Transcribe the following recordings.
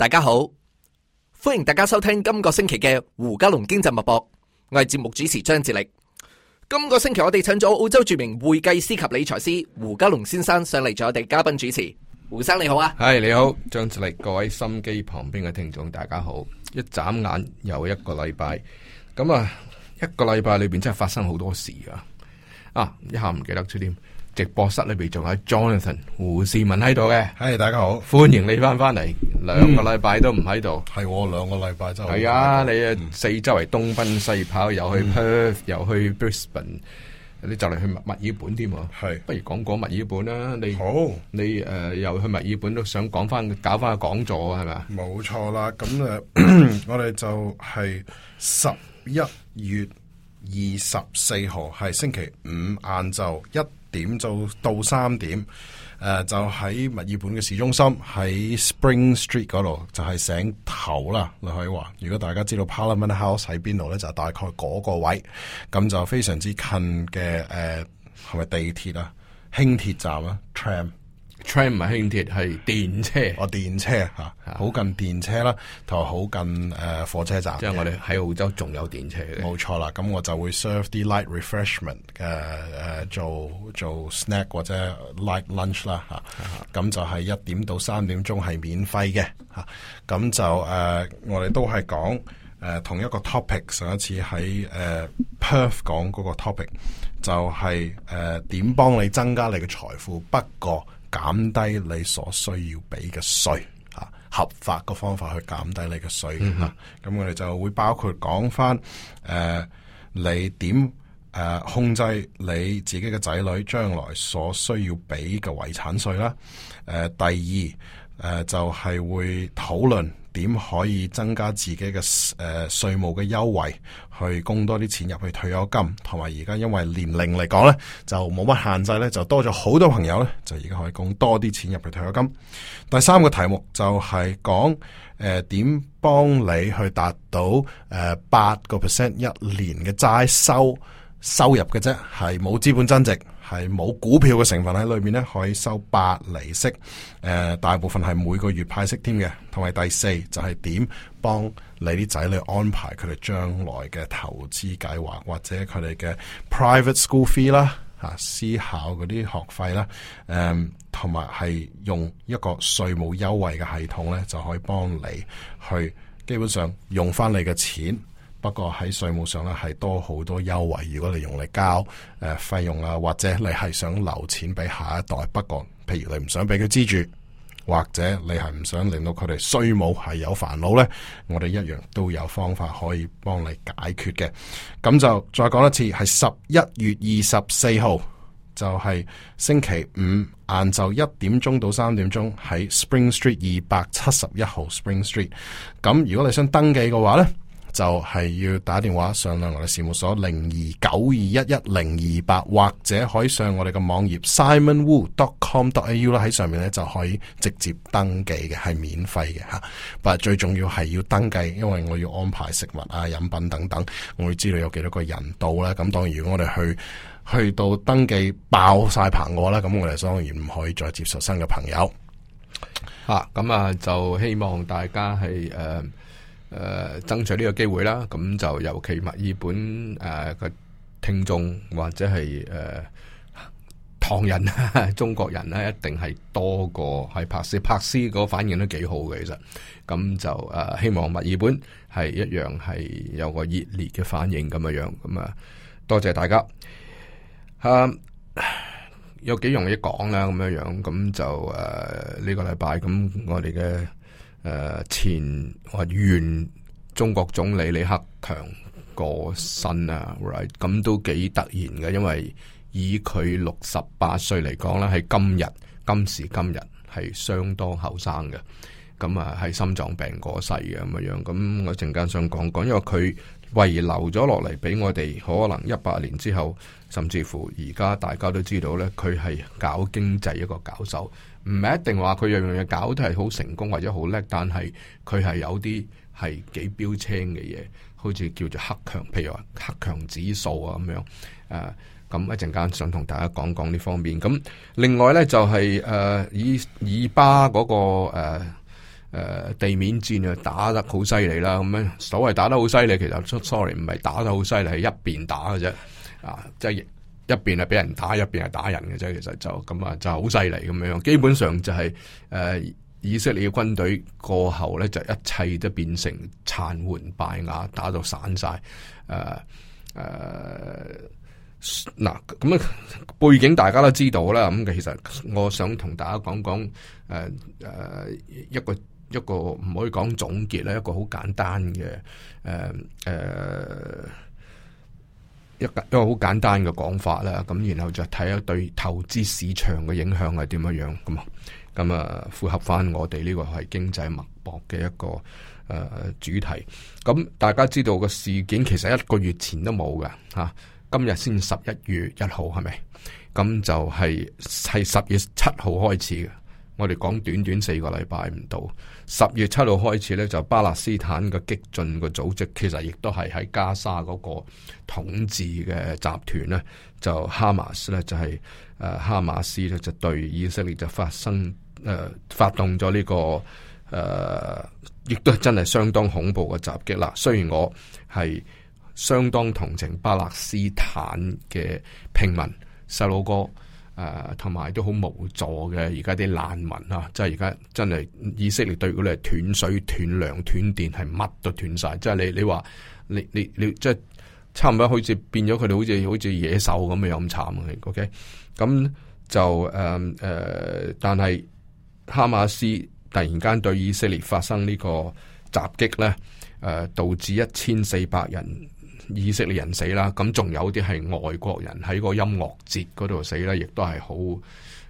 大家好，歡迎大家收聽今個星期嘅胡家龍經濟脈搏，我係節目主持張志力。今、這個星期我哋請咗澳洲著名會計師及理財師胡家龍先生上嚟做我哋嘉賓主持。胡生你好啊，係，你好，張志力，各位心機旁邊嘅聽眾大家好，一眨眼又一個禮拜，咁啊一個禮拜裏邊真係發生好多事啊，啊一下唔記得出添。直播室裡邊仲有 Jonathan 胡善文喺度嘅，係、hey, 大家好，歡迎你翻翻嚟，兩個禮拜都唔喺度，係我兩個禮拜就係啊，你啊四周圍東奔西跑，又去 Perth 又去 Brisbane，你就嚟去墨爾本添，係是，不如講講墨爾本啦，你好，你誒、呃、又去墨爾本都想講翻，搞翻個講座係咪？冇錯啦，咁誒， 我哋就係十一月二十四號係星期五晏晝一。點就到三點，誒、呃、就喺墨爾本嘅市中心，喺 Spring Street 嗰度就係、是、醒頭啦，你可以話。如果大家知道 Parliament House 喺邊度咧，就是、大概嗰個位，咁就非常之近嘅誒，係、呃、咪地鐵啊？輕鐵站啊，tram。Tr train 唔係輕鐵，係電車。哦，電車吓，好、啊、近電車啦，同埋好近誒、呃、火車站。即係我哋喺澳洲仲有電車，冇錯啦。咁我就會 serve 啲 light refreshment 嘅誒、呃，做做 snack 或者 light lunch 啦、啊、吓。咁、啊啊、就係一點到三點鐘係免費嘅吓。咁、啊、就誒、呃，我哋都係講誒、呃、同一個 topic。上一次喺誒、呃、Perth 講嗰個 topic，就係誒點幫你增加你嘅財富。不過減低你所需要俾嘅稅，啊，合法嘅方法去減低你嘅稅、mm hmm. 啊，咁我哋就會包括講翻，誒、呃，你點誒、呃、控制你自己嘅仔女將來所需要俾嘅遺產稅啦，誒、呃，第二誒、呃、就係、是、會討論。點可以增加自己嘅誒稅務嘅優惠，去供多啲錢入去退休金，同埋而家因為年齡嚟講咧，就冇乜限制咧，就多咗好多朋友咧，就而家可以供多啲錢入去退休金。第三個題目就係講誒點幫你去達到誒八個 percent 一年嘅債收收入嘅啫，係冇資本增值。係冇股票嘅成分喺裏面咧，可以收八厘息，誒、呃，大部分係每個月派息添嘅。同埋第四就係點幫你啲仔女安排佢哋將來嘅投資計劃，或者佢哋嘅 private school fee 啦、啊，吓私校嗰啲學費啦，誒、啊，同埋係用一個稅務優惠嘅系統咧，就可以幫你去基本上用翻你嘅錢。不過喺稅務上咧係多好多優惠，如果你用嚟交誒費用啊，或者你係想留錢俾下一代，不過譬如你唔想俾佢資助，或者你係唔想令到佢哋稅務係有煩惱呢，我哋一樣都有方法可以幫你解決嘅。咁就再講一次，係十一月二十四號，就係星期五晏晝一點鐘到三點鐘喺 Spring Street 二百七十一號 Spring Street。咁如果你想登記嘅話呢。就係要打電話上嚟我哋事務所零二九二一一零二八，或者可以上我哋嘅網頁 simonwu.com.au 啦，喺上面咧就可以直接登記嘅，係免費嘅吓。但最重要係要登記，因為我要安排食物啊、飲品等等，我會知道有幾多個人到啦。咁當然，如果我哋去去到登記爆晒棚嘅話咧，咁我哋當然唔可以再接受新嘅朋友。吓，咁啊，就希望大家係誒。呃誒，爭取呢個機會啦，咁就尤其墨爾本誒嘅聽眾或者係誒唐人、中國人咧，一定係多過係珀斯，珀斯個反應都幾好嘅，其實，咁就誒希望墨爾本係一樣係有個熱烈嘅反應咁樣樣，咁啊多謝大家。啊，有幾容易講啦，咁樣樣，咁就誒呢、啊這個禮拜咁我哋嘅。誒，uh, 前或原中國總理李克強過身啊，咁、right? 都幾突然嘅，因為以佢六十八歲嚟講咧，係今日今時今日係相當後生嘅，咁，啊係心臟病過世嘅咁樣，咁我陣間想講講，因為佢遺留咗落嚟俾我哋，可能一百年之後，甚至乎而家大家都知道咧，佢係搞經濟一個搞手。唔係一定話佢樣樣嘢搞都係好成功或者好叻，但係佢係有啲係幾標青嘅嘢，好似叫做黑強，譬如話黑強指數啊咁樣。誒、啊，咁一陣間想同大家講講呢方面。咁、啊、另外咧就係、是、誒、啊、以以巴嗰、那個誒誒、啊啊、地面戰啊打得好犀利啦，咁、啊、咧所謂打得好犀利，其實出 sorry 唔係打得好犀利，係一邊打嘅啫，啊即係。一邊係俾人打，一邊係打人嘅啫。其實就咁啊，就好犀利咁樣。基本上就係、是、誒、呃，以色列嘅軍隊過後咧，就一切都變成殘垣敗瓦，打到散晒。誒、呃、誒，嗱咁啊，背景大家都知道啦。咁其實我想同大家講講誒誒，一個一個唔可以講總結咧，一個好簡單嘅誒誒。呃呃一一個好簡單嘅講法啦，咁然後就睇下對投資市場嘅影響係點樣樣，咁啊，咁啊符合返我哋呢個係經濟脈搏嘅一個誒、呃、主題。咁大家知道個事件其實一個月前都冇㗎吓，今日先十一月一號係咪，咁就係係十月七號開始嘅。我哋講短短四個禮拜唔到，十月七號開始咧就巴勒斯坦嘅激進個組織，其實亦都係喺加沙嗰個統治嘅集團咧，就哈馬斯咧就係、是、誒哈馬斯咧就對以色列就發生誒、呃、發動咗呢、這個誒，亦都係真係相當恐怖嘅襲擊啦。雖然我係相當同情巴勒斯坦嘅平民細路哥。誒同埋都好無助嘅，而家啲難民啊，即係而家真係以色列對佢哋斷水斷糧斷電，係乜都斷晒。即係你你話你你你，即係差唔多好似變咗佢哋好似好似野獸咁樣咁慘啊！OK，咁、嗯、就誒誒、嗯呃，但係哈馬斯突然間對以色列發生呢個襲擊咧，誒、呃、導致一千四百人。以色列人死啦，咁仲有啲係外國人喺個音樂節嗰度死啦，亦都係好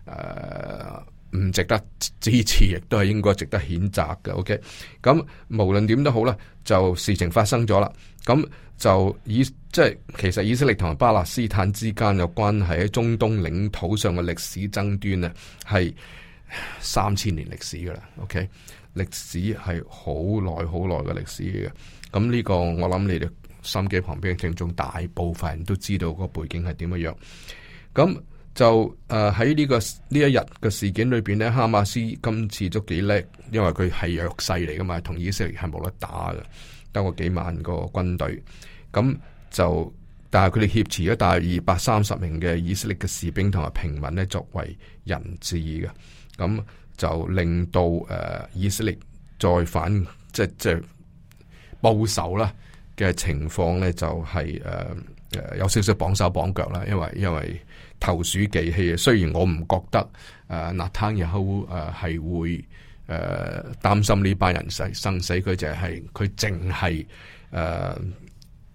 誒，唔值得支持，亦都係應該值得譴責嘅。OK，咁無論點都好啦，就事情發生咗啦，咁就以即係其實以色列同巴勒斯坦之間嘅關係喺中東領土上嘅歷史爭端啊，係三千年歷史噶啦。OK，歷史係好耐好耐嘅歷史嘅，咁呢個我諗你哋。心機旁邊嘅聽眾，大部分人都知道個背景係點樣。咁就誒喺呢個呢一日嘅事件裏邊呢，哈馬斯今次都幾叻，因為佢係弱勢嚟噶嘛，同以色列係冇得打嘅，得過幾萬個軍隊。咁就但係佢哋挾持咗大約二百三十名嘅以色列嘅士兵同埋平民咧，作為人質嘅。咁就令到誒以色列再反，即係即係報仇啦。嘅情況咧就係誒誒有少少綁手綁腳啦，因為因為投鼠忌器啊。雖然我唔覺得誒納坦耶哈烏誒係會、呃、擔心呢班人嘅生死，佢就係佢淨係誒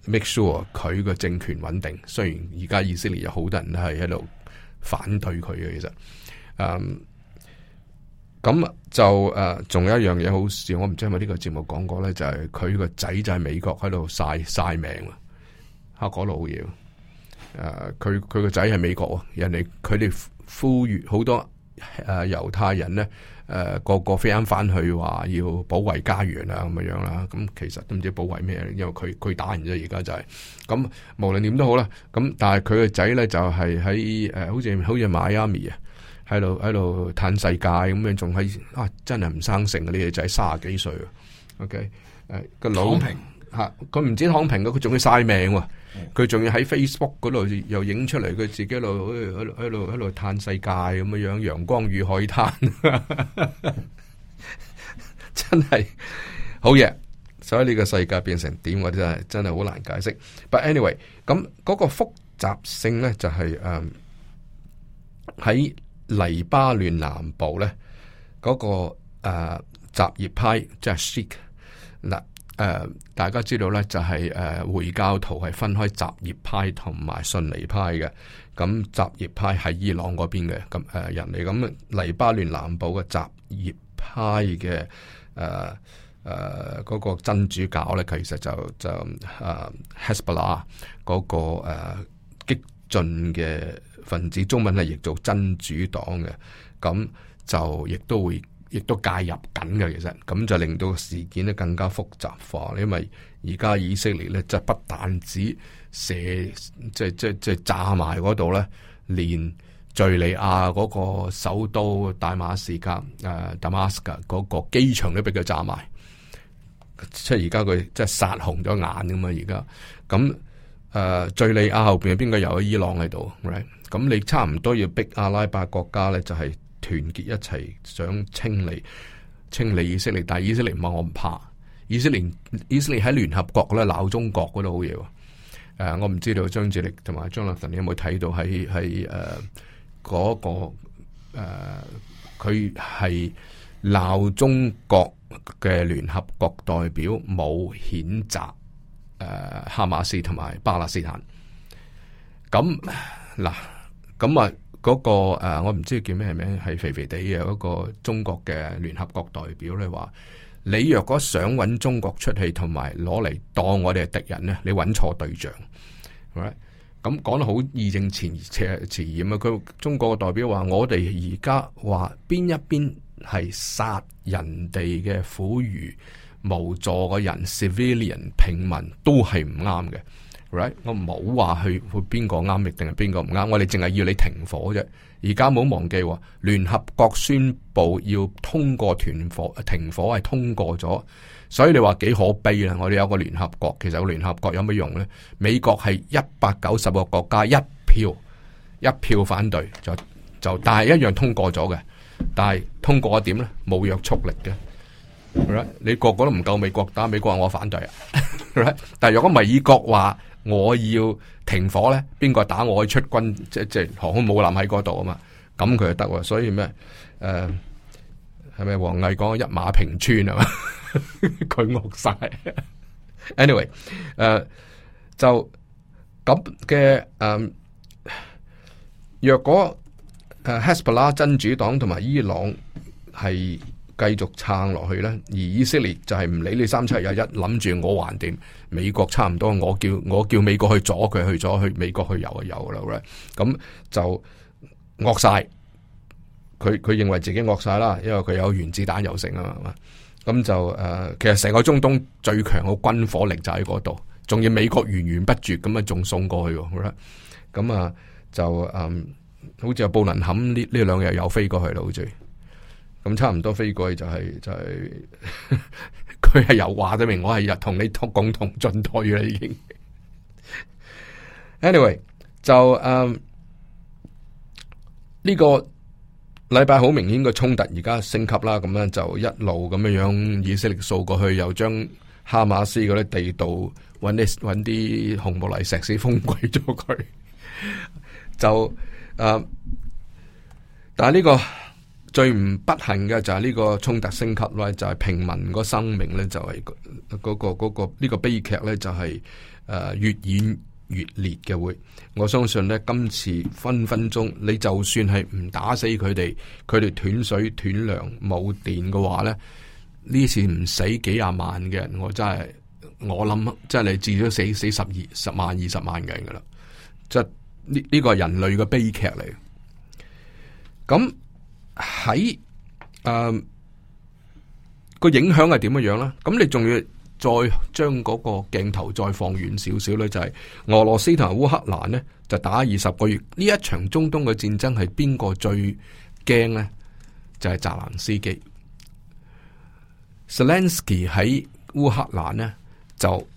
make sure 佢個政權穩定。雖然而家以色列有好多人都係喺度反對佢嘅，其實誒。呃咁就誒，仲、呃、有一樣嘢，好笑我唔知係咪呢個節目講過咧，就係佢個仔就喺美國喺度晒晒命，黑過路好嘢。誒、呃，佢佢個仔喺美國，人哋佢哋呼籲好多誒猶、呃、太人咧，誒個個飛返翻去話要保衛家園啊，咁樣啦。咁、嗯、其實都唔知保衛咩，因為佢佢打完咗而家就係、是、咁、嗯，無論點都好啦。咁但係佢個仔咧就係喺誒，好似好似邁阿密啊。喺度喺度嘆世界咁樣，仲係啊真係唔生性呢個仔，三十幾歲啊？OK，誒個老平吓，佢唔止躺平嘅，佢仲要晒命。佢仲要喺 Facebook 嗰度又影出嚟，佢自己喺度喺度喺度喺度嘆世界咁嘅樣，陽光與海灘，真係好嘢。所以呢個世界變成點，或者係真係好難解釋。But anyway，咁嗰、嗰個複雜性咧就係誒喺。嗯黎巴嫩南部咧嗰、那個誒，什、呃、葉派即係 Shia 嗱誒，大家知道咧就係、是、誒、呃，回教徒係分開什葉派同埋遜尼派嘅。咁什葉派喺伊朗嗰邊嘅咁誒人哋咁、嗯、黎巴嫩南部嘅什葉派嘅誒誒，嗰、呃呃呃那個真主教咧，其實就就誒、呃、Hezbollah 嗰、那個誒、呃、激進嘅。分子中文係，譯做真主黨嘅，咁就亦都會，亦都介入緊嘅。其實，咁就令到事件咧更加複雜化。因為而家以色列咧，就不但止射，即係即係即係炸埋嗰度咧，連敍利亞嗰個首都大馬士革誒 Damascus 嗰個機場都俾佢炸埋。即係而家佢即係殺紅咗眼咁嘛？而家咁誒敍利亞後邊係邊個？有伊朗喺度？Right? 咁你差唔多要逼阿拉伯國家咧，就係、是、團結一齊想清理清理以色列，但係以色列唔話我唔怕，以色列以色列喺聯合國咧鬧中國嗰度好嘢，誒、呃、我唔知道張智力同埋張立臣你有冇睇到喺喺誒嗰個誒佢係鬧中國嘅聯合國代表冇譴責誒、呃、哈馬斯同埋巴勒斯坦，咁嗱。咁啊，嗰、嗯那個誒、呃，我唔知叫咩名，係肥肥地嘅嗰、那個中國嘅聯合國代表，你話，你若果想搵中國出氣，同埋攞嚟當我哋係敵人咧，你搵錯對象。咁、right? 講、嗯、得好義正詞嚴啊！佢中國嘅代表話，我哋而家話邊一邊係殺人哋嘅婦孺無助嘅人，civilian 平民都係唔啱嘅。Right? 我冇話去去邊個啱定係邊個唔啱，我哋淨係要你停火啫。而家冇忘記聯合國宣布要通過停火，停火係通過咗，所以你話幾可悲啦。我哋有個聯合國，其實個聯合國有乜用呢？美國係一百九十個國家一票一票反對，就就但係一樣通過咗嘅，但係通過咗點呢？冇約束力嘅。Right? 你個個都唔夠美國打，但美國話我反對啊。Right? 但係如果美國話，我要停火咧，邊個打我去出軍？即即航空母艦喺嗰度啊嘛，咁佢就得喎。所以咩？誒、呃，係咪王毅講一馬平川啊？嘛，佢惡晒。Anyway，誒、呃，就咁嘅誒，若果誒 Hasbara 真主黨同埋伊朗係。繼續撐落去咧，而以色列就係唔理你三七廿一，諗住我還掂。美國差唔多，我叫我叫美國去阻佢去阻去美國去有就有啦，咁就惡晒，佢佢認為自己惡晒啦，因為佢有原子彈有成啊嘛。咁就誒、呃，其實成個中東最強嘅軍火力就喺嗰度，仲要美國源源不絕咁啊，仲送過去，好啦。咁啊就誒、嗯，好似阿布林肯呢呢兩日又飛過去啦，好似。咁差唔多飛過去就係、是、就係佢係有話證明我係同你同共同進退啦已經。 anyway 就嗯呢、um，個禮拜好明顯個衝突而家升級啦，咁樣就一路咁樣樣以色列掃過去，又將哈馬斯嗰啲地道揾啲揾啲紅木泥石屎封鬼咗佢。 就誒，um，但係、這、呢個。最唔不幸嘅就係呢個衝突升級咧，就係、是、平民個生命咧就係嗰、那個嗰、那個呢、這個悲劇咧就係誒越演越烈嘅會。我相信咧今次分分鐘你就算係唔打死佢哋，佢哋斷水斷糧冇電嘅話咧，呢次唔死幾廿萬嘅人，我真係我諗即係你至少死死十二十萬二十萬嘅人啦。即係呢呢個係人類嘅悲劇嚟。咁。喺誒、嗯那個影響係點樣樣咧？咁你仲要再將嗰個鏡頭再放遠少少咧？就係、是、俄羅斯同埋烏克蘭呢，就打二十個月呢，一場中東嘅戰爭係邊個最驚呢？就係澤連斯基 Zelensky 喺烏克蘭呢，就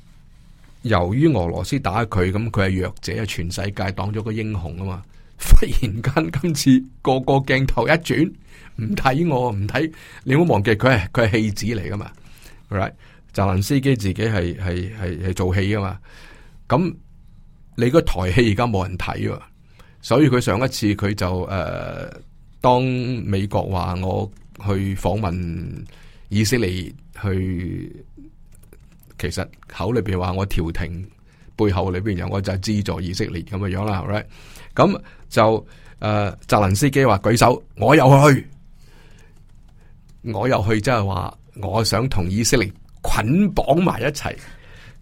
由於俄羅斯打佢，咁佢係弱者啊，全世界當咗個英雄啊嘛。忽然間今次個個鏡頭一轉，唔睇我唔睇，你唔好忘記佢係佢係戲子嚟噶嘛？right，澤連斯基自己係係係係做戲噶嘛？咁你個台戲而家冇人睇，所以佢上一次佢就誒、呃、當美國話我去訪問以色列去，其實口裏邊話我調停，背後裏邊有我就係資助以色列咁嘅樣啦。right。咁就誒，澤、呃、連斯基話舉手，我又去，我又去，即係話我想同以色列捆綁埋一齊。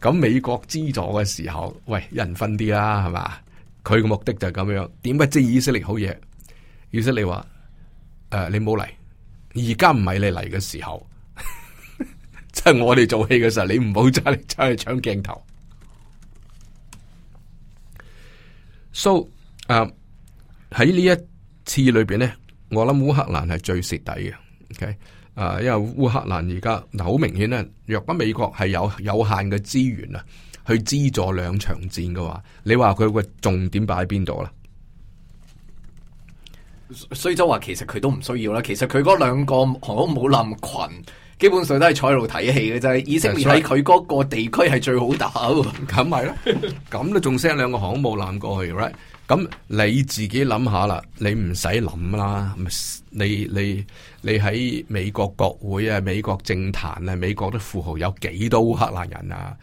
咁美國資助嘅時候，喂，一人分啲啦、啊，係嘛？佢嘅目的就咁樣。點解即以色列好嘢？以色列話誒，你冇嚟，而家唔係你嚟嘅時候，即 係我哋做戲嘅時候，你唔好爭嚟爭去搶鏡頭。So 誒，喺呢、uh, 一次裏邊呢，我諗烏克蘭係最蝕底嘅。OK，啊、uh，因為烏克蘭而家嗱好明顯呢，若不美國係有有限嘅資源啊，去資助兩場戰嘅話，你話佢個重點擺喺邊度啦？所以就話其實佢都唔需要啦，其實佢嗰兩個航母艦群，基本上都係坐喺度睇戲嘅就啫。以色列喺佢嗰個地區係最好打，咁咪咯，咁都仲 send 兩個航母艦過去，right？咁你自己諗下啦，你唔使諗啦，你你你喺美國國會啊、美國政壇啊、美國啲富豪有幾多烏克蘭人啊、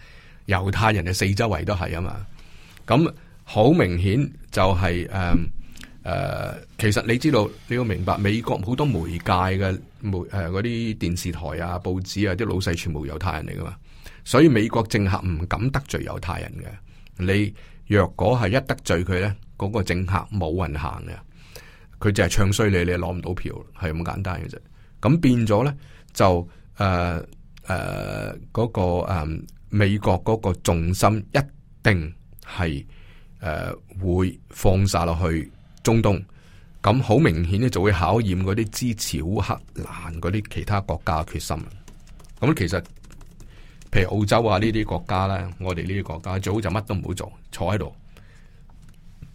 猶太人啊，四周圍都係啊嘛，咁好明顯就係誒誒，其實你知道你要明白美國好多媒介嘅媒誒嗰啲電視台啊、報紙啊，啲老細全部猶太人嚟噶嘛，所以美國政客唔敢得罪猶太人嘅，你。若果係一得罪佢咧，嗰、那個政客冇人行嘅，佢就係唱衰你，你攞唔到票，係咁簡單嘅啫。咁變咗咧就誒誒嗰個誒、呃、美國嗰個重心一定係誒、呃、會放晒落去中東，咁好明顯咧就會考驗嗰啲支持烏克蘭嗰啲其他國家嘅決心。咁其實。譬如澳洲啊呢啲國家咧，我哋呢啲國家最好就乜都唔好做，坐喺度，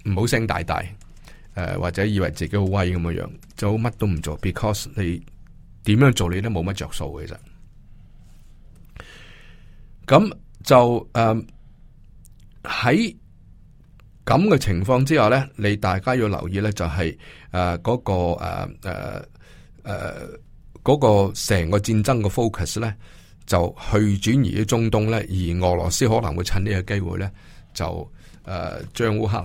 唔好聲大大，誒、呃、或者以為自己威樣好威咁嘅樣，最好乜都唔做，because 你點樣做你都冇乜着數，其實。咁就誒喺咁嘅情況之下咧，你大家要留意咧就係誒嗰個誒誒誒個成個戰爭嘅 focus 咧。就去轉移咗中東咧，而俄羅斯可能會趁呢個機會咧，就誒、呃、將烏克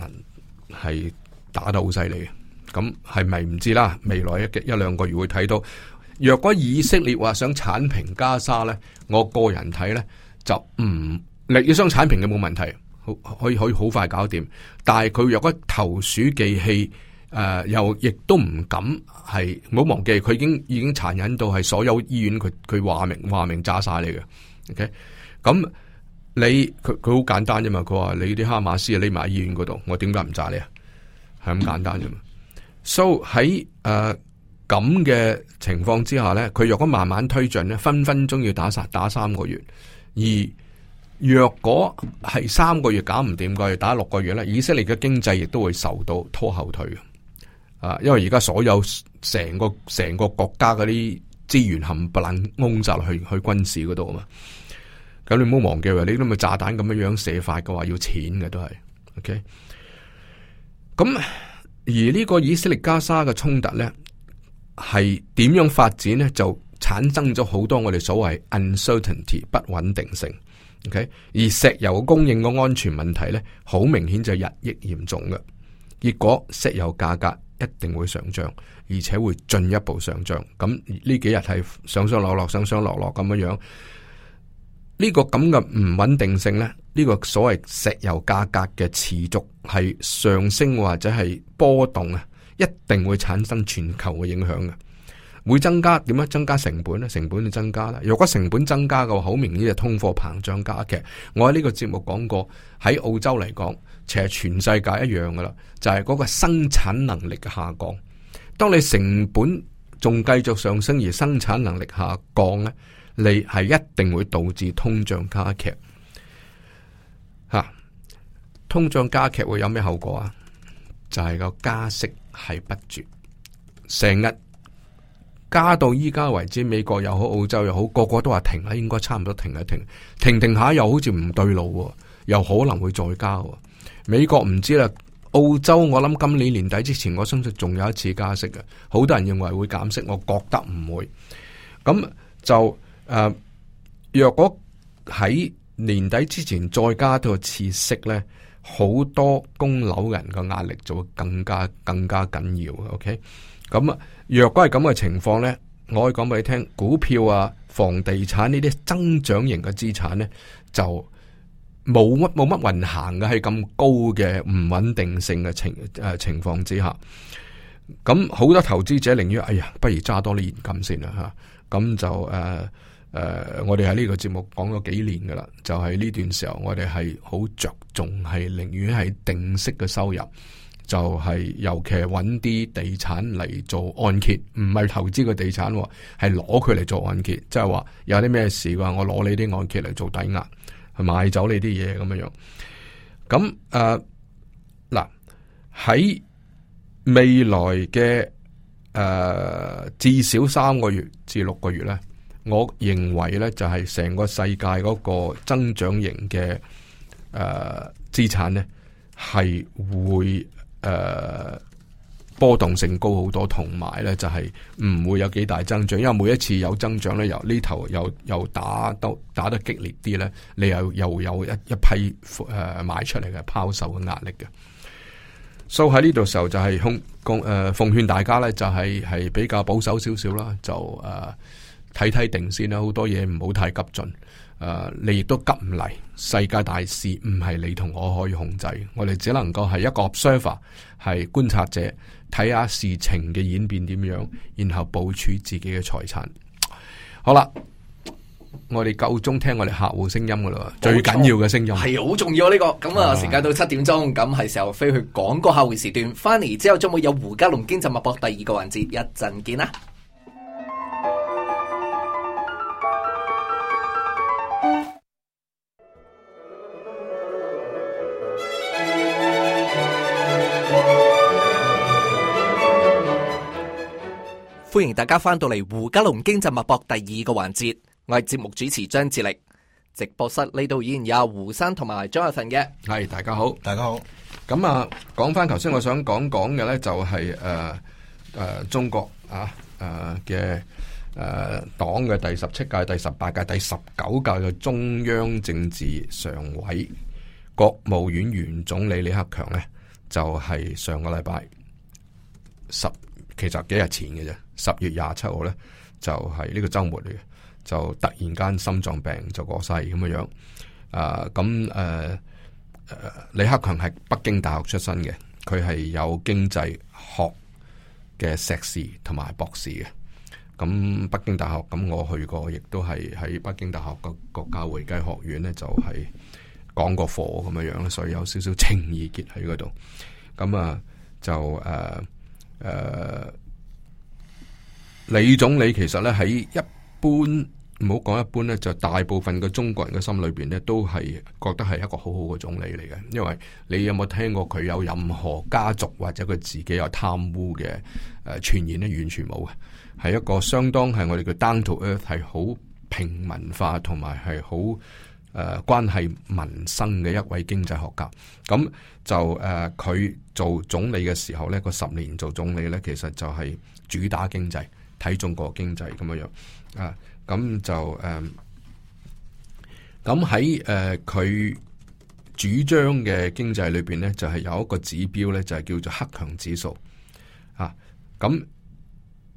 蘭係打得好犀利嘅，咁係咪唔知啦？未來一一兩個月會睇到。若果以色列話想剷平加沙咧，我個人睇咧就唔力氣想剷平嘅冇問題，可以可以可以好快搞掂。但係佢若果投鼠忌器。誒、呃，又亦都唔敢係，唔好忘記佢已經已經殘忍到係所有醫院佢佢話明話明炸晒你嘅，OK？咁你佢佢好簡單啫嘛？佢話你啲哈馬斯匿埋喺醫院嗰度，我點解唔炸你啊？係咁簡單啫嘛。So 喺誒咁嘅情況之下咧，佢若果慢慢推進咧，分分鐘要打殺打三個月；而若果係三個月搞唔掂，過去打六個月咧，以色列嘅經濟亦都會受到拖後腿嘅。啊，因為而家所有成個成個國家嗰啲資源冚唪唥翁集去去軍事嗰度啊嘛。咁你唔好忘記，你諗吓炸彈咁樣樣射發嘅話要錢嘅都係。OK，咁而呢個以色列加沙嘅衝突咧，係點樣發展呢？就產生咗好多我哋所謂 uncertainty 不穩定性。OK，而石油供應嘅安全問題咧，好明顯就日益嚴重嘅結果，石油價格。一定會上漲，而且會進一步上漲。咁呢幾日係上上落落，上上落落咁樣樣，呢個咁嘅唔穩定性咧，呢個所謂石油價格嘅持續係上升，或者係波動啊，一定會產生全球嘅影響嘅。會增加點樣？增加成本咧？成本就增加啦？如果成本增加嘅話，好明顯就通貨膨脹加劇。我喺呢個節目講過，喺澳洲嚟講，其實全世界一樣噶啦，就係、是、嗰個生產能力嘅下降。當你成本仲繼續上升而生產能力下降咧，你係一定會導致通脹加劇。吓、啊，通脹加劇會有咩後果啊？就係、是、個加息係不絕成日。加到依家為止，美國又好，澳洲又好，個個都話停啦，應該差唔多停一停，停停下又好似唔對路喎，又可能會再加喎。美國唔知啦，澳洲我諗今年年底之前，我相信仲有一次加息嘅。好多人認為會減息，我覺得唔會。咁就誒、呃，若果喺年底之前再加多次息呢，好多供樓人嘅壓力就會更加更加緊要。OK。咁啊，若果係咁嘅情況咧，我可以講俾你聽，股票啊、房地產呢啲增長型嘅資產咧，就冇乜冇乜運行嘅，喺咁高嘅唔穩定性嘅情誒、呃、情況之下，咁好多投資者寧願，哎呀，不如揸多啲現金先啦吓，咁就誒誒，我哋喺呢個節目講咗幾年噶啦，就係、是、呢段時候，我哋係好着重係寧願係定息嘅收入。就係尤其係揾啲地產嚟做按揭，唔係投資個地產，係攞佢嚟做按揭，即係話有啲咩事嘅話，我攞你啲按揭嚟做抵押，買走你啲嘢咁樣樣。咁、呃、誒，嗱喺未來嘅誒、呃、至少三個月至六個月咧，我認為咧就係、是、成個世界嗰個增長型嘅誒資產咧係會。誒，波動性高好多，同埋咧就係唔會有幾大增長，因為每一次有增長咧，由呢頭又又打鬥打得激烈啲咧，你又又有一一批誒賣、呃、出嚟嘅拋售嘅壓力嘅，所以喺呢度時候就係、是呃、奉公誒奉勸大家咧、就是，就係係比較保守少少啦，就誒睇睇定先啦，好多嘢唔好太急進。誒，你亦都急唔嚟，世界大事唔係你同我可以控制，我哋只能夠係一個 observer，係觀察者，睇下事情嘅演變點樣，然後部署自己嘅財產。好啦，我哋夠鐘聽我哋客戶聲音噶啦，冇錯，最緊要嘅聲音係好重要呢個。咁啊，時間到七點鐘，咁係、啊、時候飛去廣告客戶時段，翻嚟之後將會有胡嘉龍經濟脈搏第二個環節，一陣見啦。歡迎大家翻到嚟，胡嘉龍經濟脈搏第二個環節，我係節目主持張志力，直播室呢度依然有胡生同埋張阿順嘅，係大家好，大家好。咁啊，講翻頭先我想講講嘅咧、就是，就係誒誒，中國啊誒嘅誒黨嘅第十七屆、第十八屆、第十九屆嘅中央政治常委、國務院原總理李克強呢，就係、是、上個禮拜十其實幾日前嘅啫。十月廿七號呢，就係、是、呢個周末嚟嘅，就突然間心臟病就過世咁嘅樣。啊，咁、啊、誒、啊、李克強係北京大學出身嘅，佢係有經濟學嘅碩士同埋博士嘅。咁、啊、北京大學，咁、啊、我去過，亦都係喺北京大學個國家會計學院呢，就係、是、講過課咁嘅樣，所以有少少情意結喺嗰度。咁啊，就誒誒。啊啊李總理其實咧喺一般唔好講一般咧，就大部分嘅中國人嘅心裏邊咧，都係覺得係一個好好嘅總理嚟嘅。因為你有冇聽過佢有任何家族或者佢自己有貪污嘅誒傳言咧？完全冇嘅，係一個相當係我哋叫 down to earth，係好平民化同埋係好誒關係民生嘅一位經濟學家。咁就誒佢、呃、做總理嘅時候咧，個十年做總理咧，其實就係主打經濟。睇中國經濟咁樣，啊，咁就誒，咁喺誒佢主張嘅經濟裏邊咧，就係、是、有一個指標咧，就係、是、叫做克強指數。啊，咁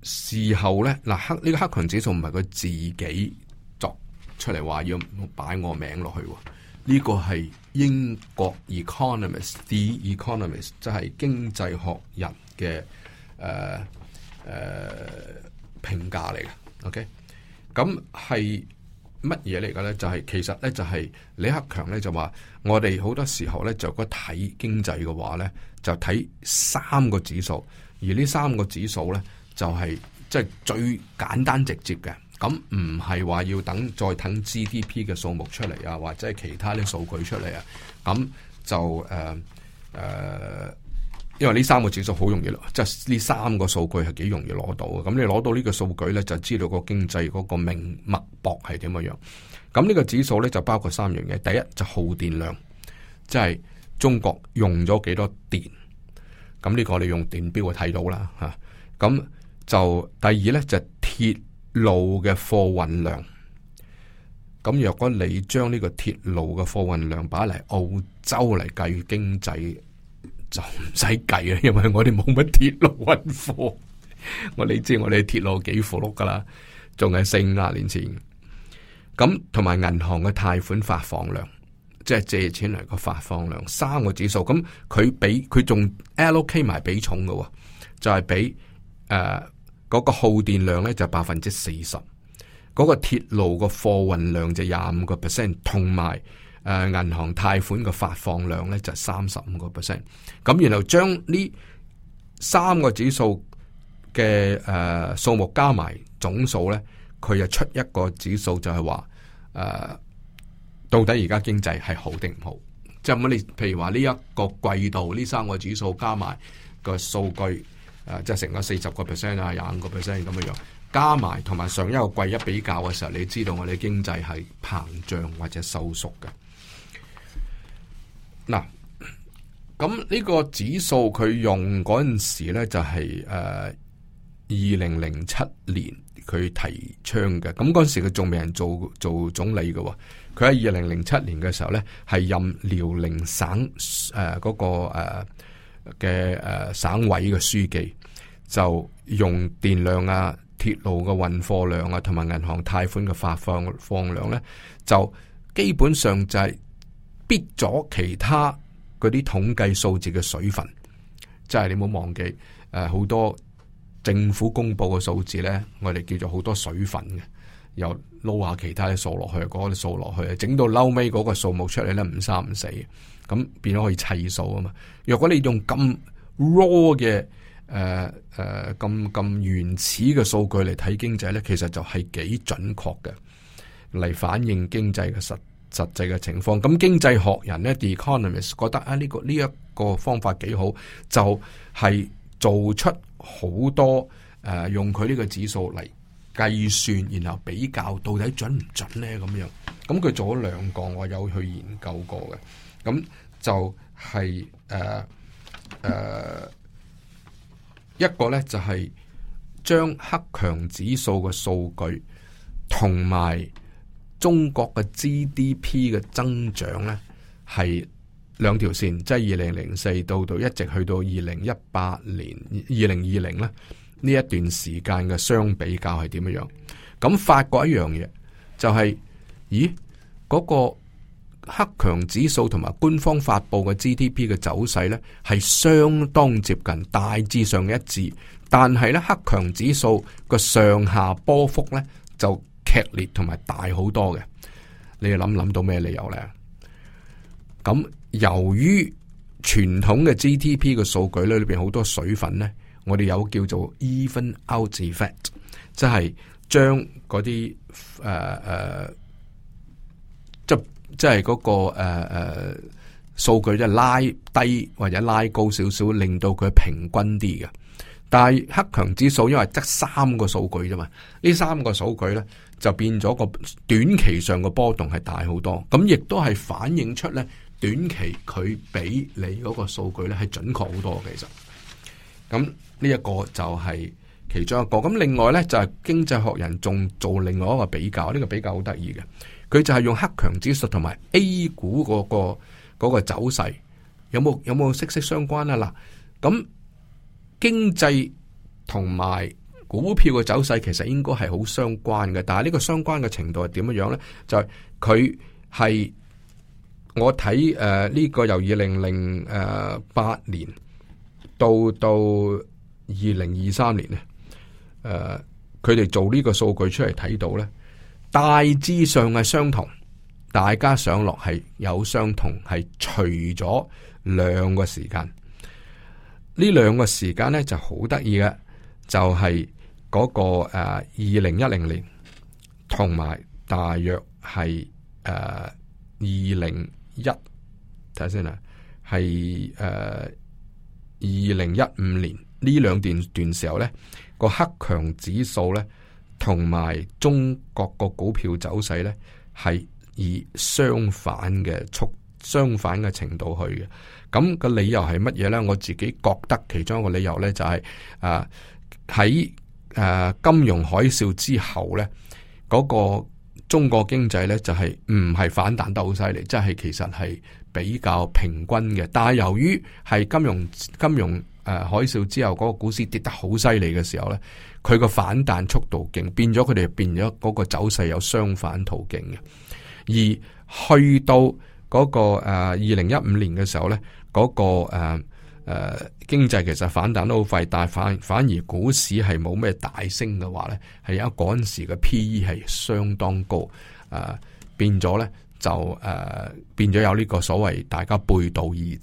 事後咧，嗱、啊，克呢、這個克強指數唔係佢自己作出嚟話要擺我名落去，呢、啊這個係英國 economist，the economist 即係經濟學人嘅誒誒。啊啊評價嚟嘅，OK，咁係乜嘢嚟嘅咧？就係其實咧，就係李克強咧就話，我哋好多時候咧就果睇經濟嘅話咧，就睇三個指數，而呢三個指數咧就係即係最簡單直接嘅，咁唔係話要等再等 GDP 嘅數目出嚟啊，或者係其他啲數據出嚟啊，咁就誒誒。因為呢三個指數好容易咯，即係呢三個數據係幾容易攞到嘅。咁你攞到個數呢個數據咧，就知道個經濟嗰個命脈搏係點樣。咁呢個指數咧就包括三樣嘢，第一就耗電量，即、就、係、是、中國用咗幾多電。咁呢個你用電表會睇到啦吓。咁、啊、就第二咧就鐵、是、路嘅貨運量。咁若果你將呢個鐵路嘅貨運量擺嚟澳洲嚟計經濟。就唔使計啊，因為我哋冇乜鐵路運貨。 我你知我哋鐵路幾腐碌噶啦，仲係四五十年前。咁同埋銀行嘅貸款發放量，即係借錢嚟個發放量，三個指數。咁佢比佢仲 allocate 埋比重噶，就係比誒嗰個耗電量咧就百分之四十，嗰個鐵路個貨運量就廿五個 percent，同埋。誒，銀行貸款嘅發放量咧，就係三十五個 percent，咁然後將呢三個指數嘅誒數目加埋總數咧，佢就出一個指數就係話誒，到底而家經濟係好定唔好？即係咁你，譬如話呢一個季度呢三個指數加埋個數據誒，即係成個四十個 percent 啊，廿五個 percent 咁嘅樣，加埋同埋上一個季一比較嘅時候，你知道我哋經濟係膨脹或者收縮嘅。嗱，咁呢個指數佢用嗰陣時咧、就係，就係誒二零零七年佢提倡嘅。咁嗰陣時佢仲未人做做總理嘅，佢喺二零零七年嘅時候咧，係任遼寧省誒嗰、uh, 嗰個誒嘅誒省委嘅書記，就用電量啊、鐵路嘅運貨量啊，同埋銀行貸款嘅發放放量咧，就基本上就係、係。逼咗其他嗰啲統計數字嘅水分，即係你唔好忘記，誒、呃，好多政府公布嘅數字咧，我哋叫做好多水分嘅，又撈下其他嘅數落去，嗰啲數落去，整到嬲尾嗰個數目出嚟咧五三五四，咁變咗可以砌數啊嘛。若果你用咁 raw 嘅誒誒咁咁原始嘅數據嚟睇經濟咧，其實就係幾準確嘅，嚟反映經濟嘅實。實際嘅情況，咁經濟學人咧，The Economist 覺得啊，呢、這個呢一、這個方法幾好，就係、是、做出好多誒、呃，用佢呢個指數嚟計算，然後比較到底準唔準咧咁樣。咁、嗯、佢做咗兩個，我有去研究過嘅。咁、嗯、就係誒誒，一個咧就係將克強指數嘅數據同埋。中國嘅 GDP 嘅增長呢，係兩條線，即係二零零四到到一直去到二零一八年二零二零呢。呢一段時間嘅相比較係點樣樣？咁發覺一樣嘢就係、是，咦嗰、那個黑強指數同埋官方發布嘅 GDP 嘅走勢呢，係相當接近、大致上嘅一致，但係呢，黑強指數個上下波幅呢，就。劇烈同埋大好多嘅，你要諗諗到咩理由咧？咁由於傳統嘅 GDP 嘅數據咧，裏邊好多水分咧，我哋有叫做 even out effect，即係將嗰啲誒誒即即係嗰個誒誒數據咧拉低或者拉高少少，令到佢平均啲嘅。但係克強指數因為得三個數據啫嘛，呢三個數據咧。就變咗個短期上嘅波動係大好多，咁亦都係反映出呢短期佢俾你嗰個數據呢係準確好多嘅。其實，咁呢一個就係其中一個。咁另外呢，就係、是、經濟學人仲做另外一個比較，呢、這個比較好得意嘅，佢就係用黑強指數同埋 A 股嗰、那個嗰、那個走勢有冇有冇息息相關啊？嗱，咁經濟同埋。股票嘅走勢其實應該係好相關嘅，但係呢個相關嘅程度係點樣咧？就係佢係我睇誒呢個由二零零誒八年到到二零二三年咧，誒佢哋做呢個數據出嚟睇到咧，大致上係相同，大家上落係有相同，係除咗兩個時間，呢兩個時間咧就好得意嘅，就係。就是嗰個誒二零一零年，同埋大約係誒二零一睇下先啊，係誒二零一五年呢兩段段時候咧，個克強指數咧，同埋中國個股票走勢咧，係以相反嘅速相反嘅程度去嘅。咁個理由係乜嘢咧？我自己覺得其中一個理由咧，就係啊喺。Uh, 誒、呃，金融海嘯之後咧，嗰、那個中國經濟咧就係唔係反彈得好犀利，即係其實係比較平均嘅。但係由於係金融金融誒、呃、海嘯之後，嗰個股市跌得好犀利嘅時候咧，佢個反彈速度勁，變咗佢哋變咗嗰個走勢有相反途徑嘅。而去到嗰、那個誒二零一五年嘅時候咧，嗰、那個誒。呃誒、啊，經濟其實反彈都好快，但係反反而股市係冇咩大升嘅話咧，係有一嗰陣時嘅 PE 係相當高，誒、啊、變咗咧就誒、啊、變咗有呢個所謂大家背道而馳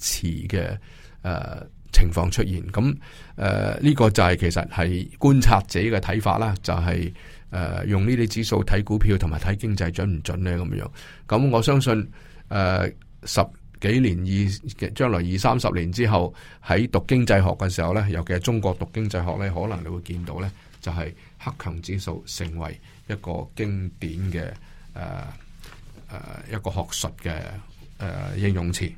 嘅誒情況出現，咁誒呢個就係其實係觀察者嘅睇法啦，就係、是、誒、啊、用呢啲指數睇股票同埋睇經濟準唔準咧咁樣，咁我相信誒、啊、十。幾年二將來二三十年之後，喺讀經濟學嘅時候呢，尤其係中國讀經濟學呢，可能你會見到呢，就係、是、克強指數成為一個經典嘅誒誒一個學術嘅誒、呃、應用詞。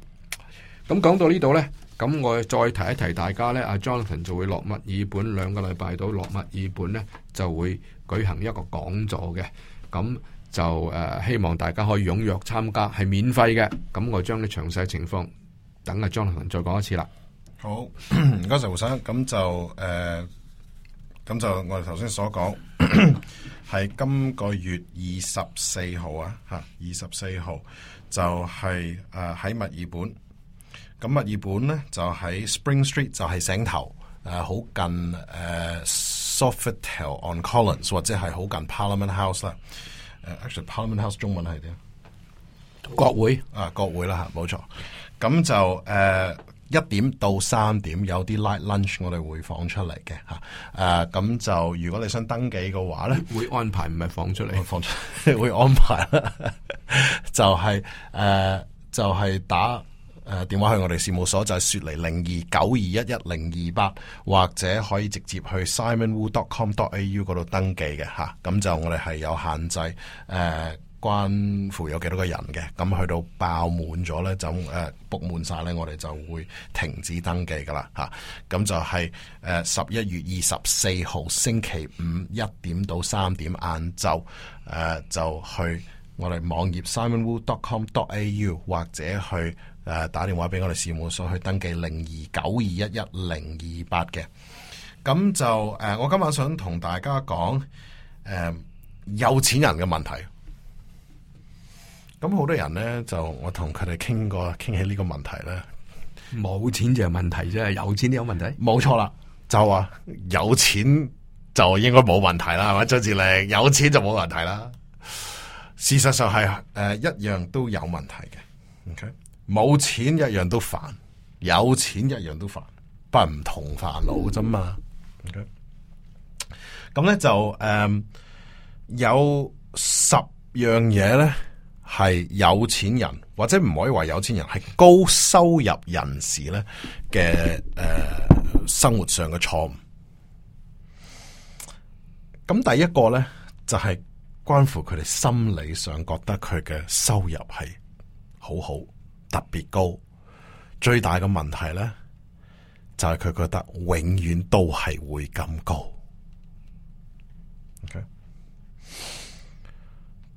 咁講到呢度呢，咁我再提一提大家呢，阿 Jonathan 就會落墨爾本，兩個禮拜到落墨爾本呢就會舉行一個講座嘅咁。就誒，希望大家可以踴躍參加，係免費嘅。咁、嗯、我將啲詳細情況等阿張立恆再講一次啦。好，唔該晒胡生。咁就誒，咁、呃、就我哋頭先所講，係 今個月二十四號啊，吓二十四號就係誒喺墨爾本。咁墨爾本咧就喺 Spring Street，就係醒頭，誒、啊、好近誒、啊、Sofitel on Collins，或者係好近 Parliament House 啦。Actually, Parliament House 中文係點？國會啊，國會啦吓，冇錯。咁就誒，一、uh, 點到三點有啲 light lunch，我哋會放出嚟嘅吓。誒、uh,，咁就如果你想登記嘅話咧， 會安排唔係放出嚟，放出 會安排啦。 就係、是、誒，uh, 就係打。誒、呃，電話去我哋事務所就係雪梨零二九二一一零二八，28，或者可以直接去 simonwu.com.au o o 度登記嘅吓，咁、啊、就我哋係有限制，誒、呃，關乎有幾多個人嘅。咁去到爆滿咗咧，就誒，book 滿晒咧，我哋就會停止登記噶啦吓，咁、啊、就係誒十一月二十四號星期五一點到三點晏晝，誒、呃，就去我哋網頁 simonwu.com.au 或者去。誒，打電話俾我哋事務所去登記零二九二一一零二八嘅。咁就誒、呃，我今晚想同大家講誒、呃，有錢人嘅問題。咁好多人咧，就我同佢哋傾過，傾起呢個問題啦。冇錢就有問題啫，有錢都有問題，冇錯啦。就話有錢就應該冇問題啦，係咪？周志力有錢就冇問題啦。事實上係誒、呃，一樣都有問題嘅。OK。冇錢一樣都煩，有錢一樣都煩，不唔同煩惱啫嘛。咁、okay? 咧就誒、um, 有十樣嘢咧係有錢人，或者唔可以話有錢人係高收入人士咧嘅，誒生活上嘅錯誤。咁第一個咧就係、是、關乎佢哋心理上覺得佢嘅收入係好好，特別高，最大嘅問題呢就係佢覺得永遠都係會咁高。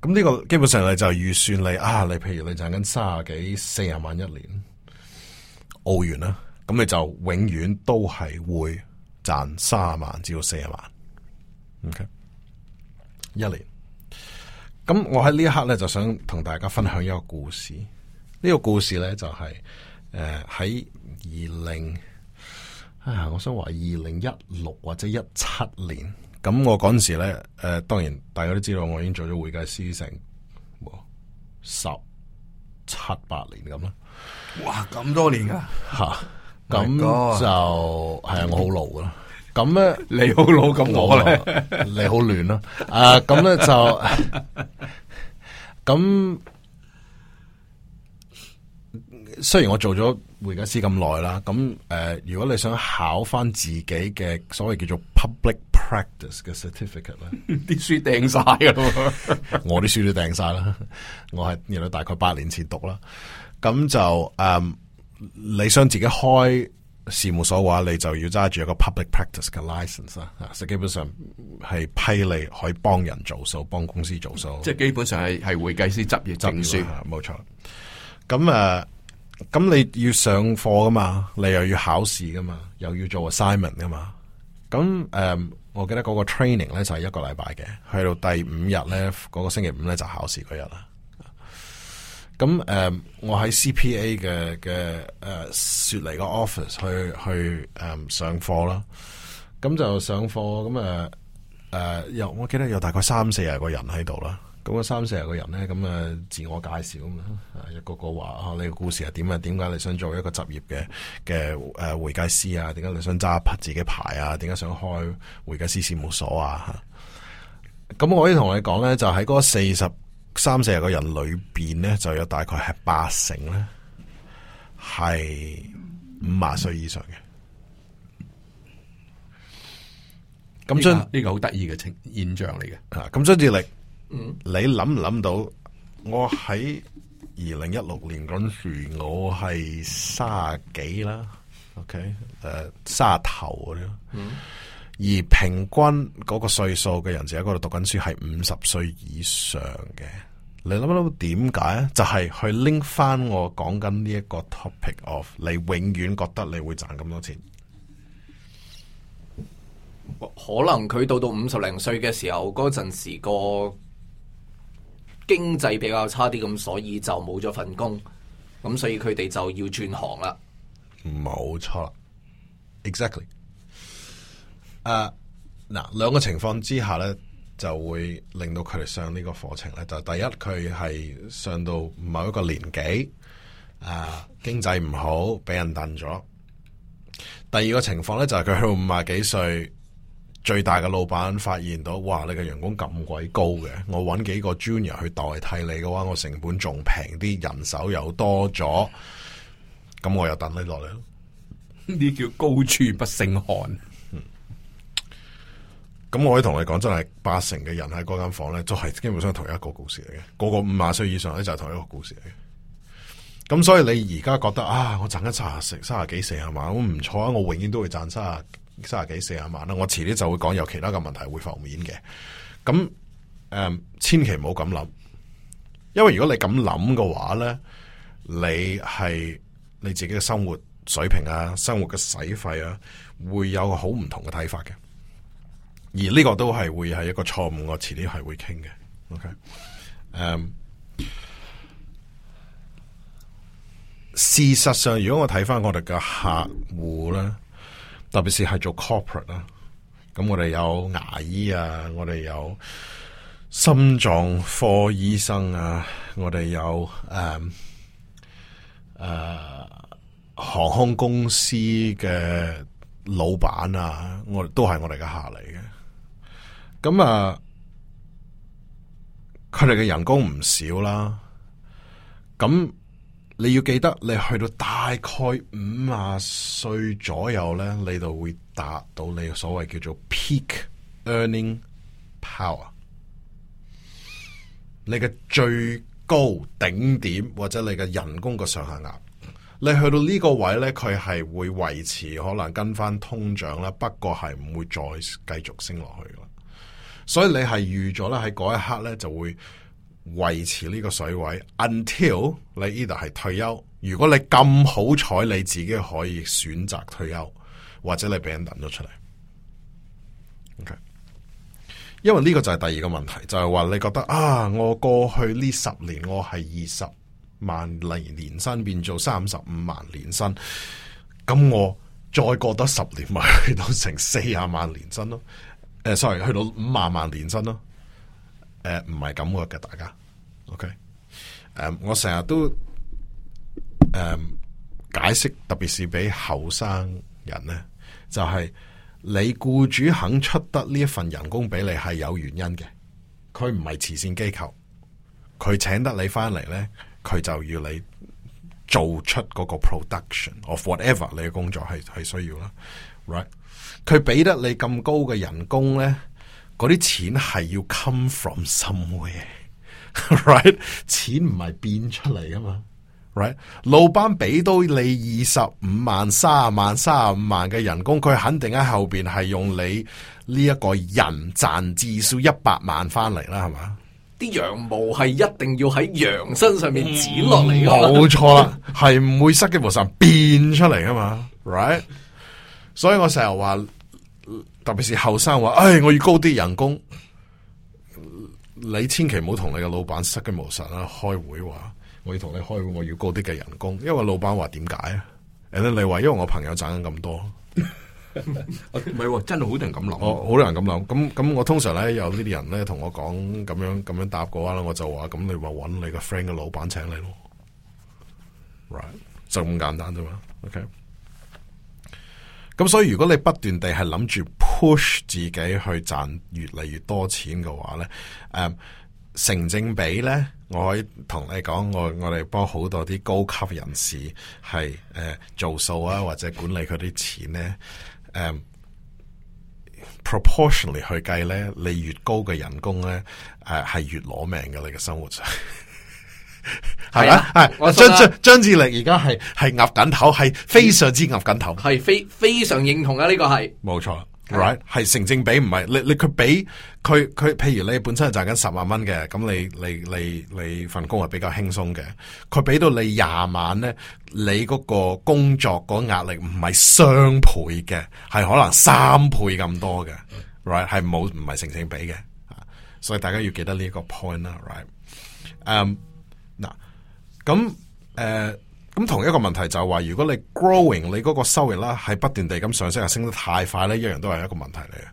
咁呢 Okay. 個基本上咧就預算你啊，你譬如你賺緊三十幾四十萬一年澳元啦，咁你就永遠都係會賺三十萬至到四十萬。OK，一年。咁我喺呢一刻呢，就想同大家分享一個故事。呢個故事咧就係誒喺二零，啊、呃，我想話二零一六或者一七年，咁我嗰陣時咧誒、呃，當然大家都知道，我已經做咗會計師成十七八年咁啦。哇，咁多年噶、啊、吓，咁、啊、就係 My God. 我好 老啦我。咁咧 你好老，咁我咧你好亂咯。啊，咁咧就咁。 雖然我做咗會計師咁耐啦，咁誒、呃，如果你想考翻自己嘅所謂叫做 public practice 嘅 certificate 咧 掉，啲 書掟晒噶啦，我啲書都掟晒啦，我係原來大概八年前讀啦，咁就誒、嗯，你想自己開事務所嘅話，你就要揸住一個 public practice 嘅 license 啦、啊，所以基本上係批你可以幫人做數，幫公司做數，即係基本上係係會計師執業證書，冇錯。咁誒。嗯啊咁你要上課噶嘛？你又要考試噶嘛？又要做 assignment 噶嘛？咁誒、嗯，我記得嗰個 training 咧就係一個禮拜嘅，去到第五日咧，嗰、嗰個星期五咧就考試嗰日啦。咁誒，我喺 CPA 嘅嘅誒雪梨個 office 去去誒上課啦。咁就上課，咁誒誒，有、呃呃、我記得有大概三四廿個人喺度啦。咁啊，個三四十個人咧，咁啊，自我介紹啊嘛，一個一個話啊，你個故事係點啊？點解你想做一個執業嘅嘅誒會計師啊？點解你想揸自己牌啊？點解想開會計師事務所啊？咁我可以同你講咧，就喺、是、嗰四十三四十個人裏邊咧，就有大概係八成咧係五十歲以上嘅。咁在，呢將個呢個好得意嘅現象嚟嘅。啊，咁張志力。嗯、你諗唔諗到我我？我喺二零一六年嗰陣時，我係卅幾啦，OK，誒，卅頭啲而平均嗰個歲數嘅人想想，就喺嗰度讀緊書，係五十歲以上嘅。你諗唔諗到點解？就係去拎 i 翻我講緊呢一個 topic of，你永遠覺得你會賺咁多錢。可能佢到到五十零歲嘅時候，嗰陣時、那個。經濟比較差啲咁，所以就冇咗份工，咁所以佢哋就要轉行啦。冇錯，exactly。啊，嗱，兩個情況之下咧，就會令到佢哋上個課呢個課程咧。就是、第一，佢係上到某一個年紀，啊、uh,，經濟唔好，俾人揼咗。第二個情況咧，就係佢去到五廿幾歲。最大嘅老闆發現到，哇！你嘅人工咁鬼高嘅，我搵幾個 Junior 去代替你嘅話，我成本仲平啲，人手又多咗，咁我又等你落嚟咯。呢叫高處不勝寒。嗯，咁我可以同你講，真係八成嘅人喺嗰間房咧，都係基本上同一個故事嚟嘅。個個五十歲以上咧，就係同一個故事嚟嘅。咁所以你而家覺得啊，我賺緊三十四、三十幾四係嘛？咁唔錯啊！我永遠都會賺三十。三十幾四十萬啦，我遲啲就會講有其他嘅問題會浮現嘅。咁誒、嗯，千祈唔好咁諗，因為如果你咁諗嘅話咧，你係你自己嘅生活水平啊，生活嘅使費啊，會有好唔同嘅睇法嘅。而呢個都係會係一個錯誤，我遲啲係會傾嘅。OK，誒、嗯，事實上，如果我睇翻我哋嘅客戶咧。特別是係做 corporate 啦，咁我哋有牙醫啊，我哋有心臟科醫生啊，我哋有誒誒、uh, uh, 航空公司嘅老闆啊，我哋都係我哋嘅客嚟嘅。咁啊，佢哋嘅人工唔少啦，咁。你要記得，你去到大概五啊歲左右呢，你就會達到你所謂叫做 Peak Earning Power，你嘅最高頂點或者你嘅人工嘅上限額。你去到呢個位呢，佢係會維持，可能跟翻通脹啦，不過係唔會再繼續升落去噶。所以你係預咗咧，喺嗰一刻呢就會，維持呢個水位，until 你呢度係退休。如果你咁好彩，你自己可以選擇退休，或者你俾人抌咗出嚟。Okay. 因為呢個就係第二個問題，就係話你覺得啊，我過去呢十年我係二十萬嚟年薪變做三十五萬年薪，咁我再過多十年咪去到成四廿萬年薪咯？誒，呃，sorry，去到五萬萬年薪咯。誒，唔係咁嘅，大家，OK？誒、um,，我成日都誒解釋，特別是俾後生人咧，就係、是、你雇主肯出得呢一份人工俾你，係有原因嘅。佢唔係慈善機構，佢請得你翻嚟咧，佢就要你做出嗰個 production of whatever 你嘅工作係係需要啦。Right？佢俾得你咁高嘅人工咧？嗰啲錢係要 come from somewhere，right？錢唔係變出嚟啊嘛，right？老闆俾到你二十五萬、三十萬、三十五萬嘅人工，佢肯定喺後邊係用你呢一個人賺至少一百萬翻嚟啦，係嘛？啲羊毛係一定要喺羊身上面剪落嚟、嗯，冇錯啦，係唔 會失機無神變出嚟啊嘛，right？所以我成日話。特別是後生話，唉、哎，我要高啲人工，你千祈唔好同你嘅老闆失驚無神啦、啊。開會話，我要同你開會，我要高啲嘅人工。因為老闆話點解啊？誒，then, 你話因為我朋友賺緊咁多，唔係、啊、真係好多人咁諗、啊， 好多人咁諗、啊。咁咁，我通常咧有呢啲人咧同我講咁樣咁樣，樣答嘅話咧，我就話咁你話揾你個 friend 嘅老闆請你咯、right. 就咁簡單啫嘛。OK，咁所以如果你不斷地係諗住 push 自己去賺越嚟越多錢嘅話咧，誒、um, 成正比咧。我可以同你講，我我哋幫好多啲高級人士係誒、啊、做數啊，或者管理佢啲錢咧，誒、um, proportionally 去計咧，你越高嘅人工咧，誒、啊、係越攞命嘅。你嘅生活上係咪？係張張張志力而家係係壓緊頭，係非常之壓緊頭，係非非常認同啊！呢、呢個係冇錯。 right 係成正比，唔係你你佢俾佢佢，譬如你本身係賺緊十萬蚊嘅，咁你你你你份工係比較輕鬆嘅，佢俾到你廿萬咧，你嗰個工作個壓力唔係雙倍嘅，係可能三倍咁多嘅 Okay. right 係冇，唔係成正比嘅啊，所以大家要記得呢一個 point 啦 right 誒嗱咁誒。嗯咁同一個問題就係話，如果你 growing 你嗰個收益啦，係不斷地咁上升，又升得太快呢一樣都係一個問題嚟嘅。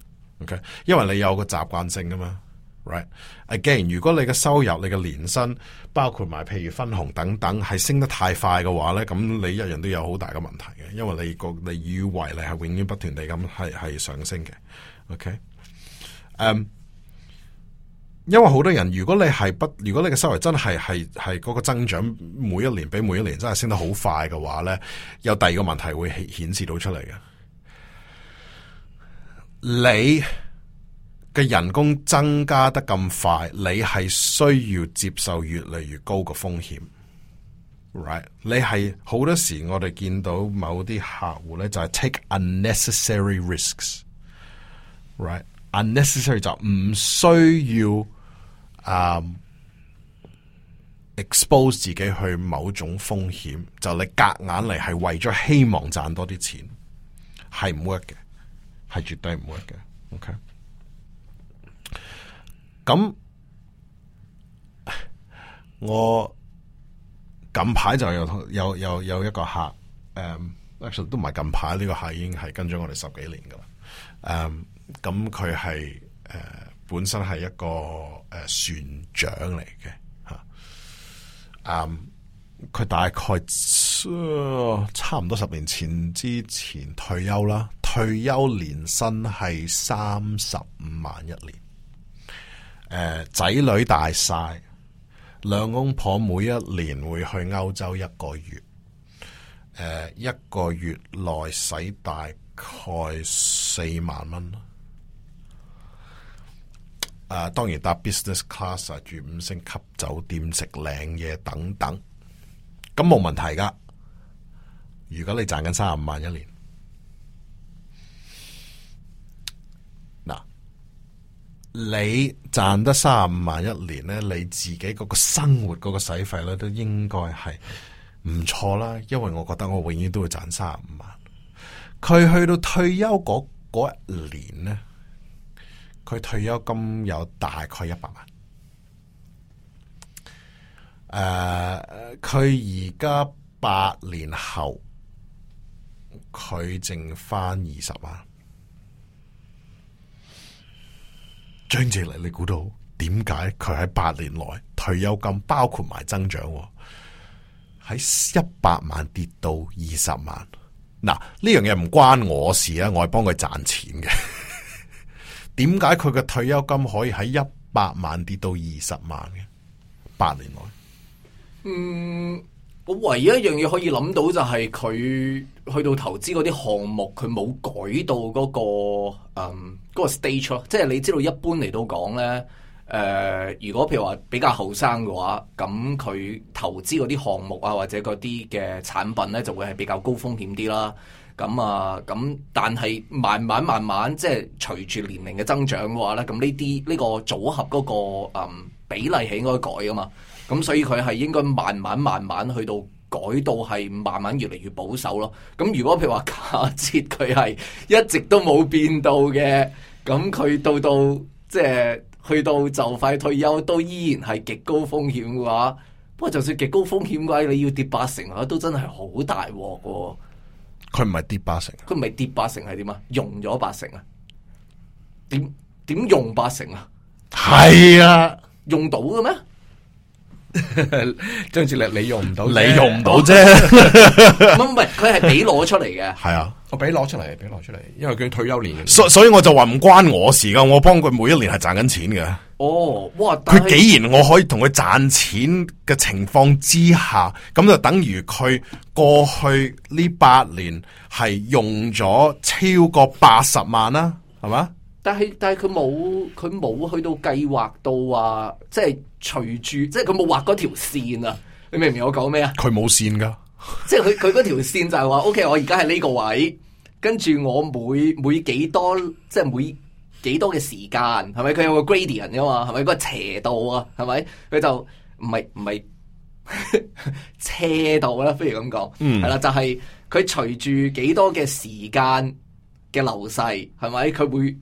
OK，因為你有個習慣性噶嘛，right？Again，如果你嘅收入、你嘅年薪，包括埋譬如分紅等等，係升得太快嘅話呢，咁你一樣都有好大嘅問題嘅，因為你個你以為你係永遠不斷地咁係係上升嘅。OK，嗯，um。因為好多人，如果你係不，如果你嘅收入真係係係嗰個增長每一年比每一年真係升得好快嘅話呢，有第二個問題會顯示到出嚟嘅。你嘅人工增加得咁快，你係需要接受越嚟越高嘅風險。right，你係好多時我哋見到某啲客戶呢，就係 take unnecessary risks。right，unnecessary 就唔需要。啊、um，Expose 自己去某種風險，就你隔硬嚟係為咗希望賺多啲錢，係唔 work 嘅，係絕對唔 work 嘅。OK，咁 我近排就有有有有一個客，誒、um,，actually 都唔係近排，呢個客已經係跟咗我哋十幾年噶啦。誒、um,，咁佢係誒。本身係一個誒、呃、船長嚟嘅吓，佢、啊、大概、呃、差唔多十年前之前退休啦，退休年薪係三十五萬一年。誒、呃，仔女大晒，兩公婆每一年會去歐洲一個月，誒、呃，一個月內使大概四萬蚊。誒、啊，當然搭 business class 啊，住五星級酒店，食靚嘢等等，咁冇問題噶。如果你賺緊三十五萬一年，嗱，你賺得三十五萬一年咧，你自己嗰個生活嗰、嗰個使費咧，都應該係唔錯啦。因為我覺得我永遠都會賺三十五萬。佢去到退休嗰一年咧，佢退休金有大概一百萬，誒、呃，佢而家八年後，佢剩翻二十萬。張哲禮，你估到點解佢喺八年內退休金包括埋增長喺一百萬跌到二十萬？嗱，呢樣嘢唔關我事啊，我係幫佢賺錢嘅。點解佢嘅退休金可以喺一百萬跌到二十萬嘅八年內？嗯，我唯一一樣嘢可以諗到就係佢去到投資嗰啲項目，佢冇改到嗰個嗯嗰個 stage 咯。即係你知道一般嚟到講呢，誒、呃，如果譬如話比較後生嘅話，咁佢投資嗰啲項目啊或者嗰啲嘅產品呢，就會係比較高風險啲啦。咁啊，咁但係慢慢慢慢，即係隨住年齡嘅增長嘅話咧，咁呢啲呢個組合嗰、嗰個誒、嗯、比例係應該改噶嘛？咁所以佢係應該慢慢慢慢去到改到係慢慢越嚟越保守咯。咁如果譬如話假設佢係一直都冇變到嘅，咁佢到到即係、就是、去到就快退休都依然係極高風險嘅話，不過就算極高風險嘅話，你要跌八成啊，都真係好大鑊嘅。佢唔係跌八成，佢唔係跌八成係點啊？用咗八成啊？點點用八成啊？係是啊，用到嘅咩？張志力你用唔到，你用唔到啫。 唔係是、啊，佢係俾攞出嚟嘅。係啊，我俾攞出嚟，俾攞出嚟，因為佢退休年嘅。所所以我就話唔關我事噶，我幫佢每一年係賺緊錢嘅。哦，哇，佢既然我可以同佢賺錢嘅情況之下，咁就等於佢過去呢八年係用咗超過八十萬啦，啊，係嘛？但係但係佢冇佢冇去到計劃到話，即係隨住，即係佢冇畫嗰條線啊？你明唔明我講咩啊？佢冇線噶，即係佢佢嗰條線就係話 ，OK，我而家係呢個位，跟住我每每幾多，即係每。幾多嘅時間係咪佢有個 gradient 噶嘛，係咪嗰、那個斜度啊，係咪佢就唔係唔係斜度啦、啊嗯啊就是、不如咁講，嗯，係啦，就係佢隨住幾多嘅時間嘅流逝係咪佢會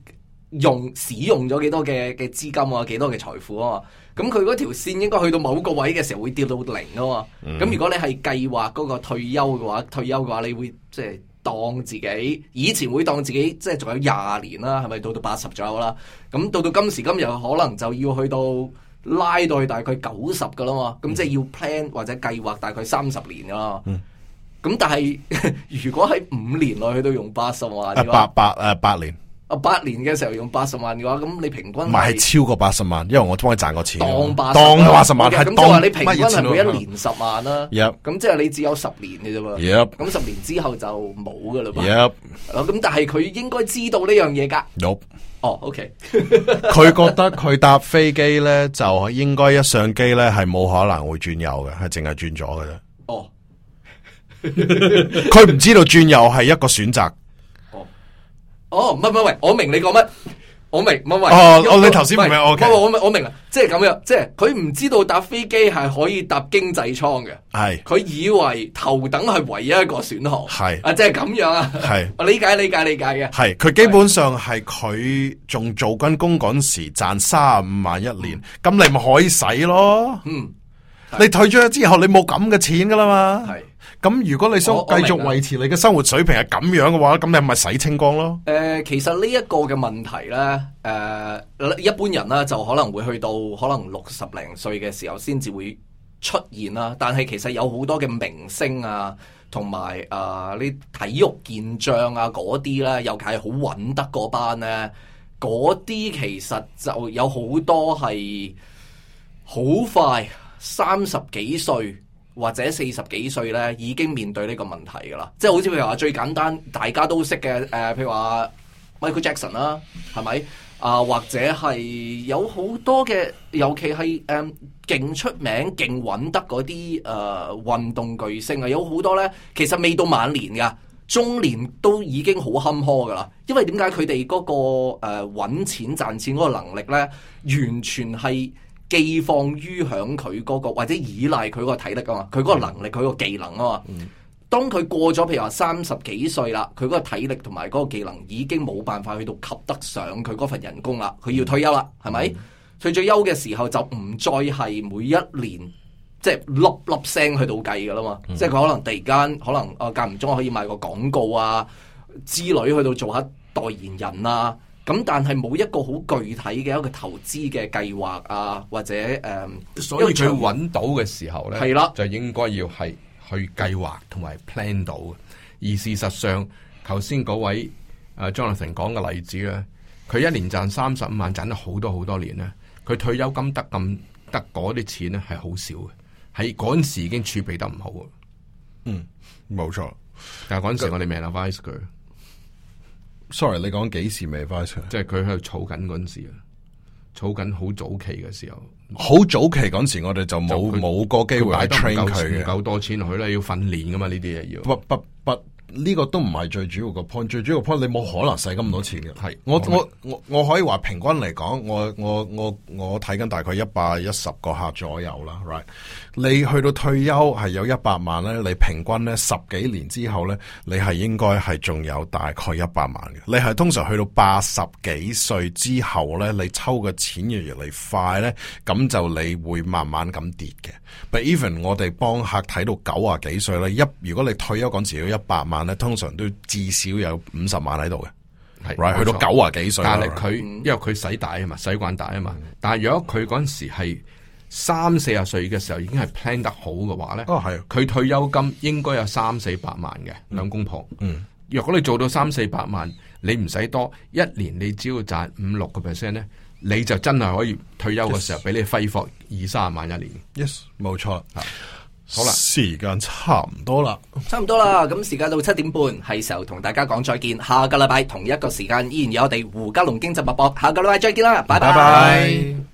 用使用咗幾多嘅嘅資金啊幾多嘅財富啊嘛。咁佢嗰條線應該去到某個位嘅時候會跌到零啊嘛咁、嗯、如果你係計劃嗰個退休嘅話，退休嘅話你會即係。當自己以前會當自己，即係仲有廿年啦，係咪到到八十左右啦？咁到到今時今日，可能就要去到拉到去大概九十噶啦嘛？咁即係要 plan 或者計劃大概三十年噶啦。咁、嗯、但係如果喺五年內去到用八十話，八百，誒、啊，八年。啊！八年嘅時候用八十萬嘅話，咁你平均唔係超過八十萬，因為我幫你賺過錢。當八當八十萬係當你平均係每一年十萬啦。咁即係你只有十年嘅啫嘛。咁十年之後就冇噶啦嘛。咁但係佢應該知道呢樣嘢噶。哦，OK。佢覺得佢搭飛機咧就應該一上機咧係冇可能會轉右嘅，係淨係轉左嘅啫。哦，佢唔知道轉右係一個選擇。哦，乜乜喂，我明你講乜，我明乜係唔哦，oh, oh, 我你頭先明係我，okay.，我明，我明啊，即係咁樣，即係佢唔知道搭飛機係可以搭經濟艙嘅，係是，佢以為頭等係唯一一個選項，係是，啊，即係咁樣啊，係， 我理解理解理解嘅，係，佢基本上係佢仲做緊公幹時賺三五萬一年，咁你咪可以使咯，嗯，你退咗之後你冇咁嘅錢噶啦嘛，係。咁如果你想繼續維持你嘅生活水平係咁樣嘅話，咁你咪洗清光咯。誒、呃，其實呢一個嘅問題呢，誒、呃，一般人呢就可能會去到可能六十零歲嘅時候先至會出現啦。但係其實有好多嘅明星啊，同埋啊呢體育健將啊嗰啲呢，尤其係好穩得嗰班呢，嗰啲其實就有好多係好快三十幾歲。或者四十幾歲呢已經面對呢個問題㗎啦，即係好似譬如話最簡單大家都識嘅誒、呃，譬如話 Michael Jackson 啦、啊，係咪啊？或者係有好多嘅，尤其係誒勁出名勁揾得嗰啲誒運動巨星啊，有好多呢，其實未到晚年嘅中年都已經好坎坷㗎啦，因為點解佢哋嗰個揾錢、呃、賺錢嗰個能力呢，完全係。寄放於響佢嗰個或者依賴佢個體力啊嘛，佢嗰個能力佢個技能啊嘛。當佢過咗譬如話三十幾歲啦，佢嗰個體力同埋嗰個技能已經冇辦法去到及得上佢嗰份人工啦，佢要退休啦，係咪？退咗、嗯、休嘅時候就唔再係每一年即係、就是、粒粒聲去到計噶啦嘛，嗯、即係佢可能突然間可能啊間唔中可以賣個廣告啊之類去到做下代言人啊。嗯咁但係冇一個好具體嘅一個投資嘅計劃啊，或者誒，所以佢搵到嘅時候咧，係啦的，就應該要係去計劃同埋 plan 到嘅。而事實上，頭先嗰位阿 Jonathan 講嘅例子咧，佢一年賺三十五萬，賺咗好多好多年咧，佢退休金得咁得嗰啲錢咧係好少嘅，喺嗰陣時已經儲備得唔好啊。嗯，冇錯，但係嗰陣時我哋未 advise 佢。sorry，你講幾時未發生？即係佢喺度儲緊嗰陣時啊，儲緊好早期嘅時候，好早期嗰陣時，時我哋就冇冇個機會夠，唔夠錢，唔夠多錢去啦，要訓練㗎嘛，呢啲嘢要。不不不。呢個都唔係最主要個 point，最主要 point 你冇可能使咁多錢嘅。係、嗯、我我我我可以話平均嚟講，我我我我睇緊大概一百一十個客左右啦。right，你去到退休係有一百萬咧，你平均咧十幾年之後咧，你係應該係仲有大概一百萬嘅。你係通常去到八十幾歲之後咧，你抽嘅錢越嚟越快咧，咁就你會慢慢咁跌嘅。But even 我哋幫客睇到九啊幾歲咧，一如果你退休嗰陣時有一百萬。通常都至少有五十萬喺度嘅，係去到九啊幾歲。但係佢 Right. 因為佢使大啊嘛，使慣大啊嘛。但係如果佢嗰陣時係三四十歲嘅時候，已經係 plan 得好嘅話咧，哦係，佢退休金應該有三四百萬嘅兩、嗯、公婆。嗯，若果你做到三四百萬，你唔使多，一年你只要賺五六個 percent 咧，你就真係可以退休嘅時候俾你揮霍二三十萬一年。Yes，冇、yes, 錯。好啦，時間差唔多啦， 差唔多啦，咁時間到七點半，係時候同大家講再見。下個禮拜同一個時間，依然有我哋胡嘉龍經濟脈搏。下個禮拜再見啦，拜拜。